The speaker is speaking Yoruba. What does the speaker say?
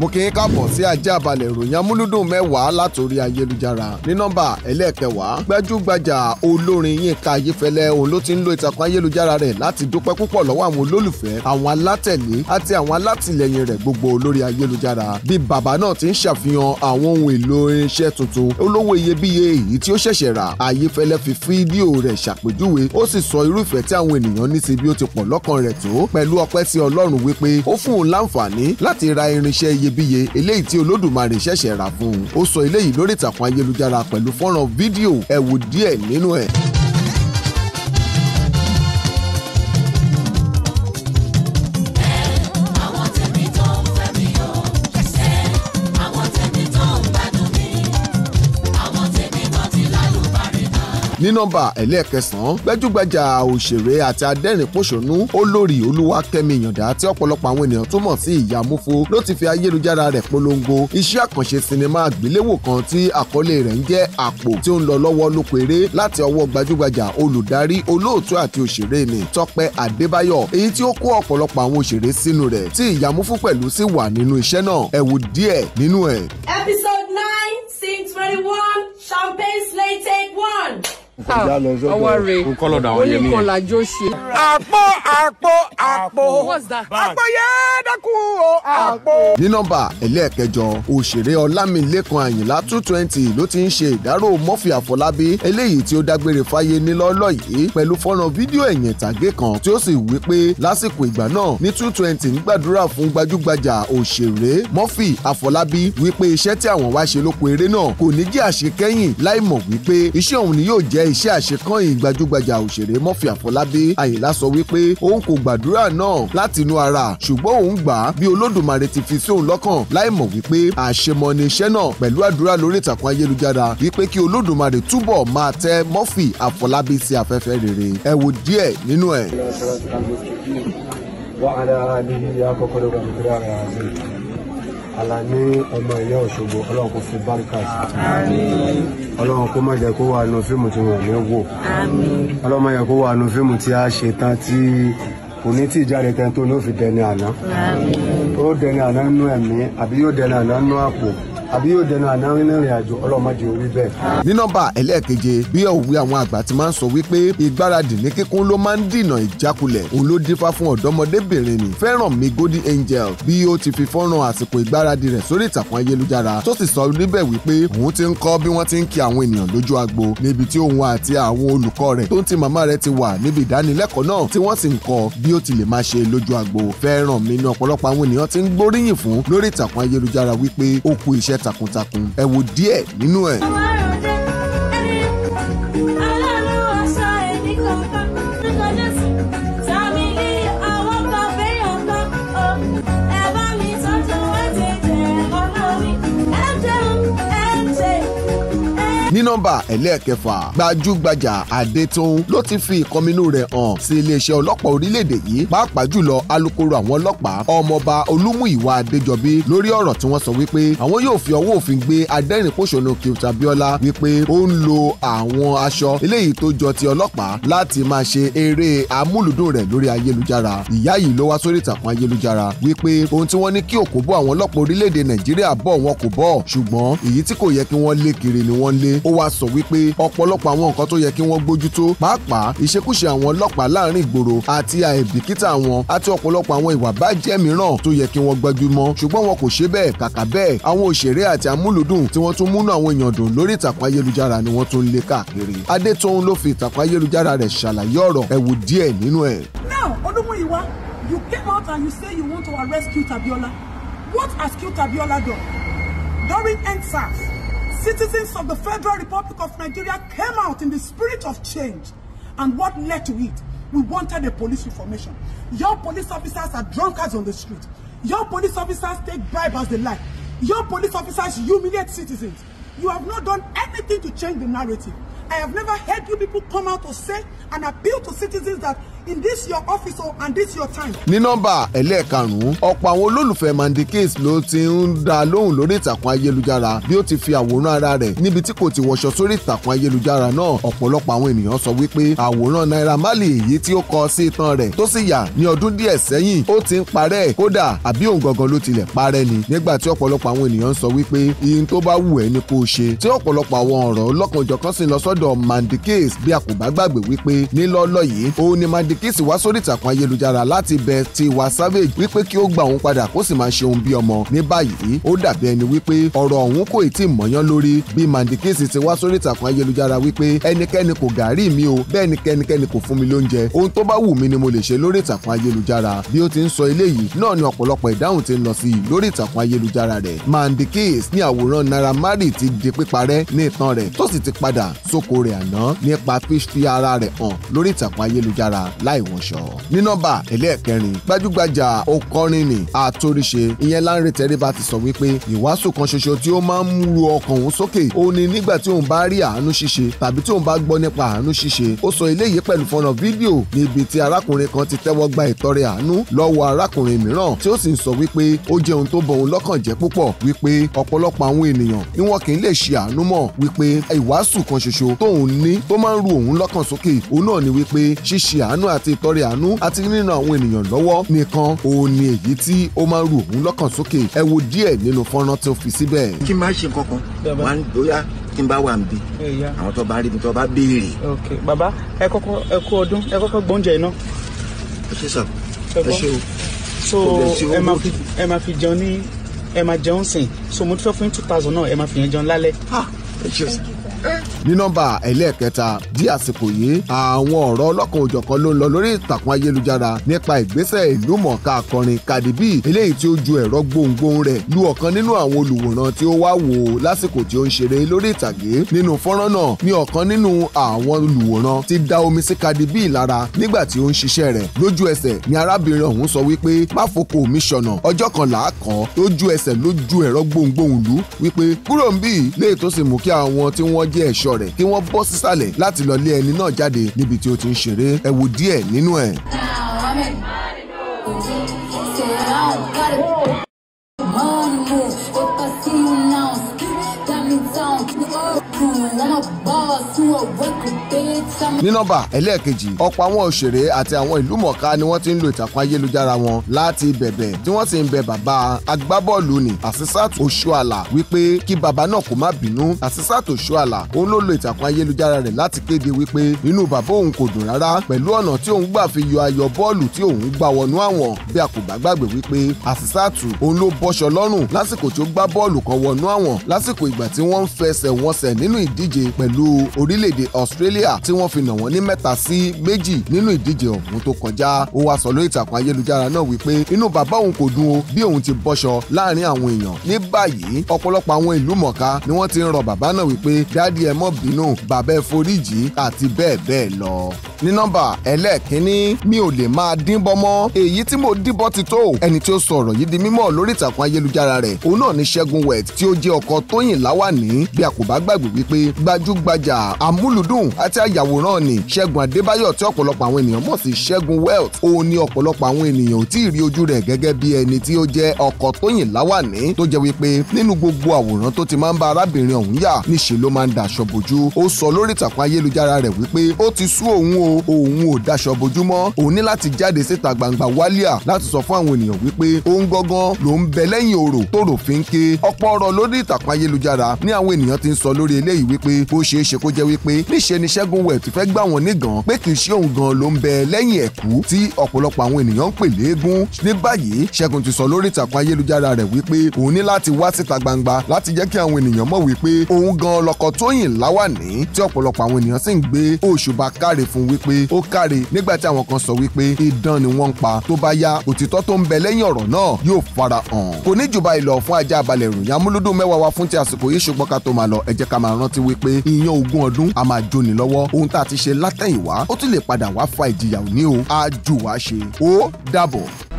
mo kí yín káàbọ̀ sí ajá balẹ̀ ìròyìn amúlúdùn mẹ́wàá látòrí ayélujára ní nọ́mbà ẹlẹ́ẹ̀kẹwàá gbẹ́jú-gbajà olórin Yínká Ayéfẹ́lẹ́ òun ló ti ń lo ìtàkùn ayélujára rẹ̀ láti dúpẹ́ púpọ̀ lọ́wọ́ àwọn olólùfẹ́ àwọn alátẹ̀lé àti àwọn alátìlẹyìn rẹ̀ gbogbo lórí ayélujára bí bàbá náà ti ń ṣàfihàn àwọn ohun èlò irinṣẹ́ tuntun olówó iyebíye èyí tí ó ṣẹ̀ṣẹ̀ rà Ayéfẹ́lẹ́ fi fídíò rẹ̀ ṣàpèjúwe ó sì sọ irúfẹ́ tí àwọn ènìyàn ní sí bí ó ti pọ̀ lọ́kàn rẹ̀ tó pẹ̀lú ọpẹ́ sí Ọlọ́run wípé ó fún òun láǹfààní láti ra irinṣẹ́ iye iyebíye eléyìí tí olódùmarè ṣẹ̀ṣẹ̀ rà fún un ó sọ eléyìí lórí ìtàkùn ayélujára pẹ̀lú fọ́nrán fídíò ẹ wò díẹ̀ nínú ẹ̀. ní nọ́mbà ẹlẹ́ẹ̀kẹsàn-án gbẹ́jú òṣèré àti adẹ́rìn-pọ̀ṣọ́nú olórí olúwakẹ́mi ìyàndá tí ọ̀pọ̀lọpọ̀ àwọn ènìyàn túmọ̀ sí ìyá múfo ló ti fi ayélujára rẹ̀ polongo iṣẹ́ àkànṣe sinimá àgbéléwò kan tí àkọlé rẹ̀ ń jẹ́ àpò tí ó ń lọ lọ́wọ́ lóko eré láti ọwọ́ gbajúgbajà olùdarí olóòtú episode nine scene twenty-one champagne slay take one kọjá lọ sọ́dọ̀ kó kọlọ dà wọn yẹmi yẹn. oníkọlà jó ṣe. àpò àpò àpò àpò yẹn dákun o àpò. ní nọ́mbà ẹlẹ́ẹ̀kẹjọ òṣèré ọlámilẹ́kan àyìnlá two twenty ló ti ń ṣe ìdárò mọ́fì àfọlábí eléyìí tí ó dágbére fáyé nílọ́lọ́ yìí pẹ̀lú fọ́nrán fídíò ẹ̀yìn tàgé kan tí ó sì wí pé lásìkò ìgbà náà ní two twenty ń gbàdúrà fún gbajúgbajà òṣèré mọ́fì àfọlábí wípé iṣẹ́ tí àwọn wá ṣe lóko eré náà kò ní jẹ́ àṣekẹ́yìn láìmọ̀ wípé iṣẹ́ òun ni yóò jẹ́ iṣẹ́ àṣekọ́yìn gbajúgbajà òṣèré Murphy Àfọlábí Àyìnlá sọ wípé òun kò gbàdúrà náà láti inú ara ṣùgbọ́n òun gbà á bí Olódùmarè ti fi sí òun lọ́kàn láì mọ̀ wípé àṣemọ́ni iṣẹ́ náà pẹ̀lú àdúrà lórí ìtàkùn ayélujára wípé kí Olódùmarè túbọ̀ máa tẹ́ Murphy Àfọlábí sí afẹ́fẹ́ rere ẹ wo díẹ̀ nínú ẹ̀. wàhálà àdìyí ọmọ ìyá Òṣogbo ọlọ́run kò fi báríkà sí ọlọ́run kó má jẹ́ kó wà nù fíìmù tí wọ́n ní wò ọlọ́run má jẹ́ kó wà nù fíìmù tí a ṣe tán tí kò ní tí ìjáde tẹ́ ní ó dẹni àná ó dẹni àná nú ẹ̀mí àbí yóò dẹni àná nú àpò àbí yóò dẹnu àná rìnrìn àjò ọlọ́mọdé orí bẹ́ẹ̀. ní nọ́mbà ẹlẹ́ẹ̀keje bí òwe àwọn àgbà ti máa ń sọ wípé ìgbáradì ní kíkún ló máa ń dìnà ìjákulẹ̀ òun ló dífá fún ọ̀dọ́mọdébìnrin ni Fẹ́rànmi Golden Angel bí ó ti fi fọ́nrán àsìkò ìgbáradì rẹ̀ sórí ìtàkùn ayélujára tó sì sọ níbẹ̀ wípé òun ti ń kọ́ bí wọ́n ti ń kí àwọn ènìyàn lójú agbo níbi tí òun àti àwọn olùkọ́ rẹ̀ tó ń ti màmá rẹ̀ ti wà níbi ìdánilẹ́kọ̀ọ́ náà tí wọ́n sì ń kọ́ bí ó ti lè máa ṣe lójú agbo Fẹ́rànmi ní ọ̀pọ̀lọpọ̀ àwọn ènìyàn ti ń gbóríyìn fún lórí ìtàkùn ayélujára wípé ó iṣẹ́ takuntakun ẹ wo díẹ̀ nínú ẹ̀. ní nọ́mbà ẹlẹ́ẹ̀kẹfà gbajúgbajà Adétún ló ti fi ìkọminú rẹ̀ hàn sí iléeṣẹ́ ọlọ́pàá orílẹ̀-èdè yìí pàápàá jùlọ alukoro àwọn ọlọ́pàá ọmọọba Olúmúyìwá Adéjọbí lórí ọ̀rọ̀ tí wọ́n sọ wípé àwọn yóò fi ọwọ́ òfin gbé adẹ́rìnpòṣónú Cute Abiola wípé ó ń lo àwọn aṣọ eléyìí tó jọ ti ọlọ́pàá láti máa ṣe eré amúlùdùn rẹ̀ lórí ayélujára ìyá yìí ló wá sórí ìtàkùn ayélujára wípé ohun tí wọ́n ní kí òkú bọ́ àwọn ọlọ́pàá orílẹ̀-èdè Nàìjíríà bọ̀ wọn kò bọ̀ ṣùgbọ́n èyí tí kò yẹ kí wọ́n lé kiri ni wọ́n lé wá sọ wípé ọ̀pọ̀lọpọ̀ àwọn nǹkan tó yẹ kí wọ́n gbójú pàápàá ìṣekúṣe àwọn ọlọ́pàá láàrin ìgboro àti àìbìkítà wọn àti ọ̀pọ̀lọpọ̀ àwọn ìwà bàjẹ́ mìíràn tó yẹ kí wọ́n gbájú mọ́ ṣùgbọ́n wọn kò ṣe bẹ́ẹ̀ kàkà bẹ́ẹ̀ àwọn òṣèré àti amúlùdùn tí wọ́n tún múnú àwọn èèyàn dùn lórí ìtàkùn ayélujára ni wọ́n tún lé káàkiri adétòun ló fi ìtàkùn ayélujára rẹ̀ ṣàlàyé ọ̀rọ̀ ẹ wo díẹ̀ nínú ẹ̀. now olúmúyíwá you came out and you say you want to arrest Q Tabiola what has Q Tabiola done during endsars citizens of the Federal Republic of Nigeria came out in the spirit of change. And what led to it? We wanted a police reformation. Your police officers are drunkards on the street. Your police officers take bribes as they like. Your police officers humiliate citizens. You have not done anything to change the narrative. I have never heard you people come out to say and appeal to citizens that in this your office o and this your time. ní nọ́mbà ẹlẹ́ẹ̀karùn-ún ọ̀pọ̀ àwọn olólùfẹ́ Mandy Case ló ti ń dá lóhùn lórí ìtàkùn ayélujára bí ó ti fi àwòrán ara rẹ̀ níbi tí kò ti wọṣọ sórí ìtàkùn ayélujára náà ọ̀pọ̀lọpọ̀ àwọn ènìyàn sọ wípé àwòrán Naira mali èyí tí ó kọ sí itan rẹ̀ tó sì yà ní ọdún díẹ̀ sẹ́yìn ó ti ń parẹ́ kódà àbí òun gangan ló tilẹ̀ parẹ́ ni nígbà tí ọ̀pọ̀lọpọ̀ àwọn ènìyàn sọ wípé ihun tó bá wù ẹ́ ni kó o ṣe tí ọ̀pọ̀lọpọ̀ àwọn ọ̀rọ̀ ọlọ́kanòjọ̀kan sì lọ sọ́dọ̀ Mandy Case bí a kò bá gbàgbé wípé nílọ́lọ́ yìí òun ni Mandy Bilkis wá sórí ìtàkùn ayélujára láti bẹ wa Savage wípé kí ó gba òun padà kó sì máa ṣe òun bí ọmọ ní báyìí ó dàbí ẹni wípé ọ̀rọ̀ òun kò tí ì mọ̀yán lórí bí Mandikis ti wá sórí ìtàkùn ayélujára wípé ẹnikẹ́ni kò gàárì mi o bẹ́ẹ̀ ni kẹ́nikẹ́ni kò fún mi lóúnjẹ ohun tó bá wù mí ni mo lè ṣe lórí ìtàkùn ayélujára bí ó ti ń sọ eléyìí náà ni ọ̀pọ̀lọpọ̀ ìdáhùn ti ń lọ sí i lórí ìtàkùn ayélujára rẹ̀ Mandikis ní àwòrán Naira Marley ti di píparẹ́ ní ìtàn rẹ̀ tó sì ti padà sóko rẹ̀ àná nípa fífi ara rẹ̀ hàn lórí ìtàkùn ayélujára láì wọṣọ. ní nọ́mbà ẹlẹ́ẹ̀kẹrin gbajúgbajà òkọrin ni àtòrìṣe ìyẹn Lánrè Tẹríba ti sọ wípé ìwàásù kan ṣoṣo tí ó máa ń ru ọkàn òun sókè òun ni nígbà tí òun bá rí àánú ṣíṣe tàbí tí òun bá gbọ́ nípa àánú ṣíṣe ó sọ eléyìí pẹ̀lú fọ́nà fídíò níbi tí arákùnrin kan ti tẹ́wọ́ gba ìtọrẹ àánú lọ́wọ́ arákùnrin mìíràn tí ó sì ń sọ wípé ó jẹ́ ohun tó bọ̀ òun lọ́kàn jẹ́ púpọ̀ wípé ọ̀pọ̀lọpọ̀ àwọn ènìyàn ni wọn kì í lè ṣe àánú mọ̀ wípé ìwàásù kan ṣoṣo tóun ní tó máa ń ru òun lọ́kàn sókè òun náà ni wípé ṣíṣe àánú àti ìtọrẹ àánú àti ríran àwọn ènìyàn lọ́wọ́ nìkan òun ni èyí tí ó máa ń ru òun lọ́kàn sókè ẹ wo díẹ̀ nínú fọ́nrán tó fi síbẹ̀. kí n má ṣe nǹkan kan wà ní bóyá tí n bá wà níbí àwọn tó bá rí mi tó bá béèrè. ok bàbá ẹ kọ́kọ́ ẹ kú ọdún ẹ kọ́kọ́ gbóúnjẹ iná. ẹ ṣe sọ ẹ ṣe o. so ẹ máa fi jẹun ní ẹ máa jẹun sìn so mo ti fẹ́ fún yín two thousand náà ẹ máa fi yẹn jẹun lálẹ́. ah ẹ ṣe o ní nọ́mbà ẹlẹ́ẹ̀kẹta di àsìkò yìí àwọn ọ̀rọ̀ ọlọ́kan òjọ̀kan ló ń lọ lórí ìtàkùn ayélujára nípa ìgbésẹ̀ ìlú mọ̀ọ́ká akọrin Cardi B eléyìí tí ó ju ẹ̀rọ gbohùngbohùn rẹ̀ lu ọ̀kan nínú àwọn olùwòran tí ó wá wò ó lásìkò tí ó ń ṣeré lórí ìtàgé nínú fọ́nrán náà ni ọ̀kan nínú àwọn olùwòran ti da omi sí Cardi B lára nígbà tí ó ń ṣiṣẹ́ rẹ̀ lójú ẹsẹ̀ ni arábìnrin ọ̀hún sọ wípé má foko mi ṣọ̀nà ọjọ́ kan làá aṣọ rẹ̀ kí wọ́n bọ́ sísàlẹ̀ láti lọ lé ẹni náà jáde níbi tí ó ti ń ṣeré ẹ díẹ̀ nínú ẹ̀. ní nọ́mbà ẹlẹ́ẹ̀kejì ọ̀pọ̀ àwọn òṣèré àti àwọn ìlúmọ̀ọ́ká ni wọ́n ti ń lo ìtàkùn ayélujára wọn láti bẹ̀bẹ̀ tí wọ́n sì ń bẹ bàbá agbábọ́ọ̀lù ni àṣìṣàtò Òṣùàlà wípé kí bàbá náà kó má bínú àṣìṣàtò Òṣùàlà òun ló lo ìtàkùn ayélujára rẹ̀ láti kéde wípé inú bàbá òun kò dùn rárá pẹ̀lú ọ̀nà tí òun gbà fi yọ ayọ̀ bọ́ọ̀lù tí òun gbà wọnú àwọn bí a kò bá gbàgbé wípé àṣìṣàtò òun ló bọ́ṣọ lọ́rùn lásìkò tí ó gbá bọ́ọ̀lù kan wọnú àwọn lásìkò ìgbà tí wọ́n ń fẹsẹ̀ wọnsẹ̀ nínú ìdíje pẹ̀lú orílẹ̀-èdè Australia tí wọ́n fi nà wọ́n ní mẹ́ta sí méjì nínú ìdíje ọ̀hún tó kọjá ó wá sọ lórí ìtàkùn ayélujára náà wípé inú bàbá òun kò dùn o bí òun ti bọ́ṣọ láàrin àwọn èèyàn ní báyìí ọ̀pọ̀lọpọ̀ àwọn ìlú mọ̀ká ni wọ́n ti ń rọ bàbá náà wípé dáàdi ẹ mọ́ bínú bàbá ẹ foríjì àti bẹ́ẹ̀ bẹ́ẹ̀ lọ ní nọ́mbà ẹlẹ́ẹ̀kínní mi ò lè máa dínbọ́ mọ́ èyí tí mo díbọ́ ti tó ẹni tí ó sọ yìí di mímọ̀ lórí ìtàkùn ayélujára rẹ̀ òun náà ni Ṣẹ́gun Wet tí ó jẹ́ ọkọ Tóyìn Láwàní bí a kò bá gbàgbé wípé gbajúgbajà amúlùdùn àti ayàwòrán ni Ṣẹ́gun Adébáyọ̀ tí ọ̀pọ̀lọpọ̀ àwọn ènìyàn mọ̀ sí Ṣẹ́gun Wet òun ni ọ̀pọ̀lọpọ̀ àwọn ènìyàn ò tí ì rí ojú rẹ̀ gẹ́gẹ́ bí ẹni tí ó jẹ́ ọkọ Tóyìn Láwàní tó jẹ́ wípé nínú gbogbo àwòrán tó ti máa ń bá arábìnrin ọ̀hún yà níṣe ló máa ń daṣọ bojú ó sọ lórí ìtàkùn ayélujára rẹ̀ wípé ó ti sú òun o o òun ò daṣọ bojúmọ́ òun ní láti jáde síta gbangba wálíà láti sọ fún àwọn ènìyàn wípé òun gangan ló ń bẹ lẹ́yìn òrò tòrò fi ń ké ọ̀pọ̀ ọ̀rọ̀ lórí ìtàkùn ayélujára ní àwọn ènìyàn ti ń sọ lórí eléyìí wípé ó ṣeé ṣe kó jẹ́ wípé níṣe ni Ṣẹ́gun wẹ̀ ti fẹ́ gbà wọ́n nígàn pé kì í ṣe òun gan ló ń bẹ lẹ́yìn ẹ̀kú tí ọ̀pọ̀lọpọ̀ àwọn ènìyàn ń pè léegun ní báyìí Ṣẹ́gun ti sọ lórí ìtàkùn ayélujára rẹ̀ wípé òun ní láti wá síta gbangba láti jẹ́ kí àwọn ènìyàn mọ̀ wípé òun gan lọkọ Tóyìn Láwàní tí wípé ó káre nígbà tí àwọn kan sọ wípé idán ni wọ́n ń pa tó bá yá òtítọ́ tó ń bẹ lẹ́yìn ọ̀rọ̀ náà yóò fara hàn. kò ní jù báyìí fún ajá balẹ̀ ìròyìn amúlúdùn mẹ́wàá wa fún ti àsìkò yìí ṣùgbọ́n ká tó máa lọ ẹ jẹ́ ká máa rántí wípé ìyan ogún ọdún a máa jóni lọ́wọ́ ohun tá a ti ṣe látẹ̀yìnwá ó tún lè padà wá fa ìjìyà òní o á jù wá ṣe ó dàbọ̀.